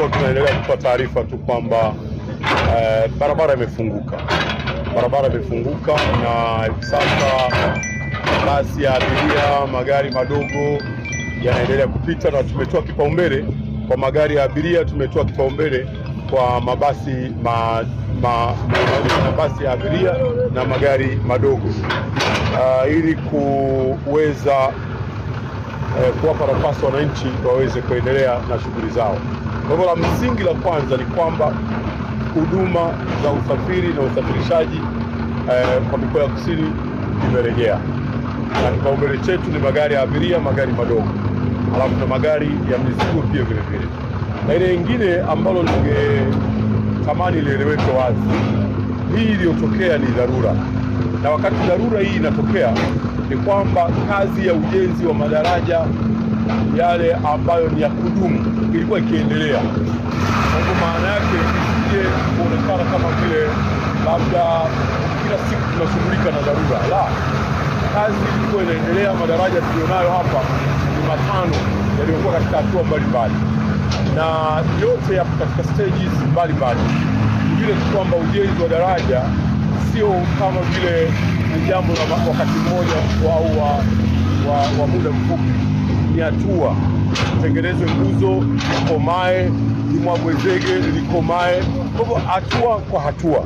tulikuwa tunaendelea kutoa taarifa tu kwamba eh, barabara imefunguka, barabara imefunguka na hivi sasa basi ya abiria, magari madogo yanaendelea kupita, na tumetoa kipaumbele kwa magari ya abiria, tumetoa kipaumbele kwa mabasi ma, ma, mabasi ya abiria na magari madogo uh, ili kuweza eh, kuwapa nafasi wananchi waweze kuendelea na shughuli zao. Kwa hivyo la msingi la kwanza ni kwamba huduma za usafiri na usafirishaji eh, kwa mikoa ya kusini imerejea, na kipaumbele chetu ni magari ya abiria, magari madogo, alafu na magari ya mizigo pia vile vile. Na ile nyingine ambalo ningetamani lieleweke wazi, hii iliyotokea ni dharura, na wakati dharura hii inatokea ni kwamba kazi ya ujenzi wa madaraja yale ambayo ni ya kudumu ilikuwa ikiendelea. Kwa maana yake isije kuonekana kama vile labda kila siku tunashughulika na dharura, la, kazi ilikuwa inaendelea. Madaraja tulionayo hapa ni matano yaliyokuwa katika hatua mbalimbali, na yote yapo katika stages mbalimbali. Vile tu kwamba ujenzi wa daraja sio kama vile ni jambo la wakati mmoja au wa, wa, wa muda mfupi. Ni hatua, tengenezwe nguzo ikomae, limwagwe zege likomae. Kwa hivyo hatua kwa hatua,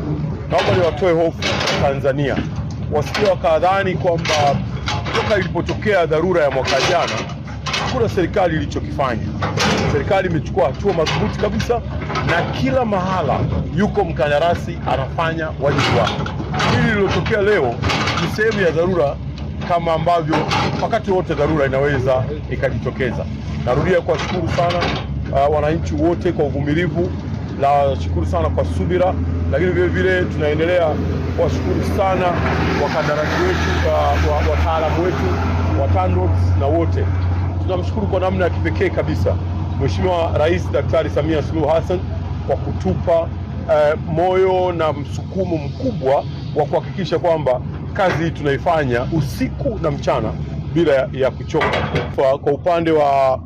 naomba niwatoe hofu Tanzania, wasikia wakadhani kwamba toka ilipotokea dharura ya mwaka jana hakuna serikali ilichokifanya. Serikali imechukua hatua madhubuti kabisa na kila mahala yuko mkandarasi anafanya wajibu wake. Hili lililotokea leo ni sehemu ya dharura, kama ambavyo wakati wote dharura inaweza ikajitokeza. Narudia kuwashukuru sana uh, wananchi wote kwa uvumilivu, nashukuru sana kwa subira, lakini vile vile tunaendelea kuwashukuru sana wakandarasi wetu, uh, wataalamu wetu wa TANROADS na wote tunamshukuru kwa namna ya kipekee kabisa Mheshimiwa Rais Daktari Samia Suluhu Hassan kwa kutupa eh, moyo na msukumo mkubwa wa kuhakikisha kwamba kazi hii tunaifanya usiku na mchana bila ya kuchoka. Kwa, kwa upande wa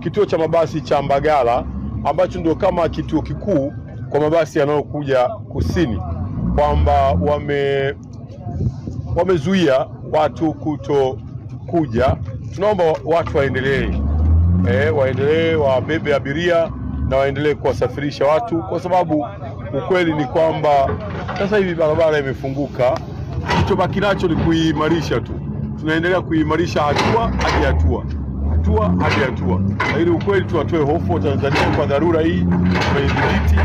kituo cha mabasi cha Mbagala ambacho ndio kama kituo kikuu kwa mabasi yanayokuja kusini, kwamba wame wamezuia watu kuto kuja. Tunaomba watu waendelee, eh, waendelee wabebe abiria na waendelee kuwasafirisha watu, kwa sababu ukweli ni kwamba sasa hivi barabara imefunguka. Kilichobaki nacho ni kuiimarisha tu, tunaendelea kuimarisha hatua hadi hatua hatua hadi hatua, ili ukweli tuwatoe hofu Watanzania kwa dharura hii tumeidhibiti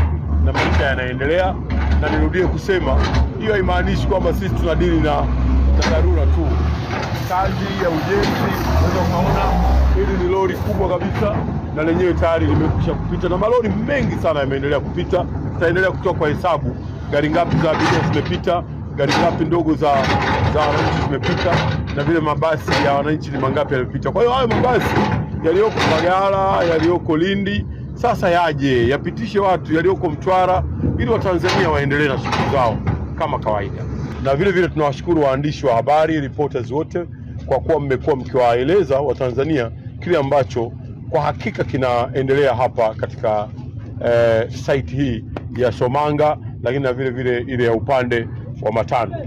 na maisha yanaendelea. Na nirudie kusema hiyo haimaanishi kwamba sisi tunadili na, na dharura tu. Kazi ya ujenzi unaweza ukaona hili ni lori kubwa kabisa na lenyewe tayari limekwisha kupita na malori mengi sana yameendelea kupita. Tutaendelea kutoa kwa hesabu gari ngapi za abiria zimepita, gari ngapi ndogo za za wananchi zimepita, na vile mabasi ya wananchi ni mangapi yamepita. Kwa hiyo hayo mabasi yaliyoko Mbagala, yaliyoko Lindi sasa yaje yapitishe watu yaliyoko Mtwara ili Watanzania waendelee na shughuli zao kama kawaida. Na vile vile tunawashukuru waandishi wa habari, reporters wote kwa kuwa mmekuwa mkiwaeleza Watanzania kile ambacho kwa hakika kinaendelea hapa katika eh, site hii ya Somanga, lakini na vile vile ile ya upande wa Matano.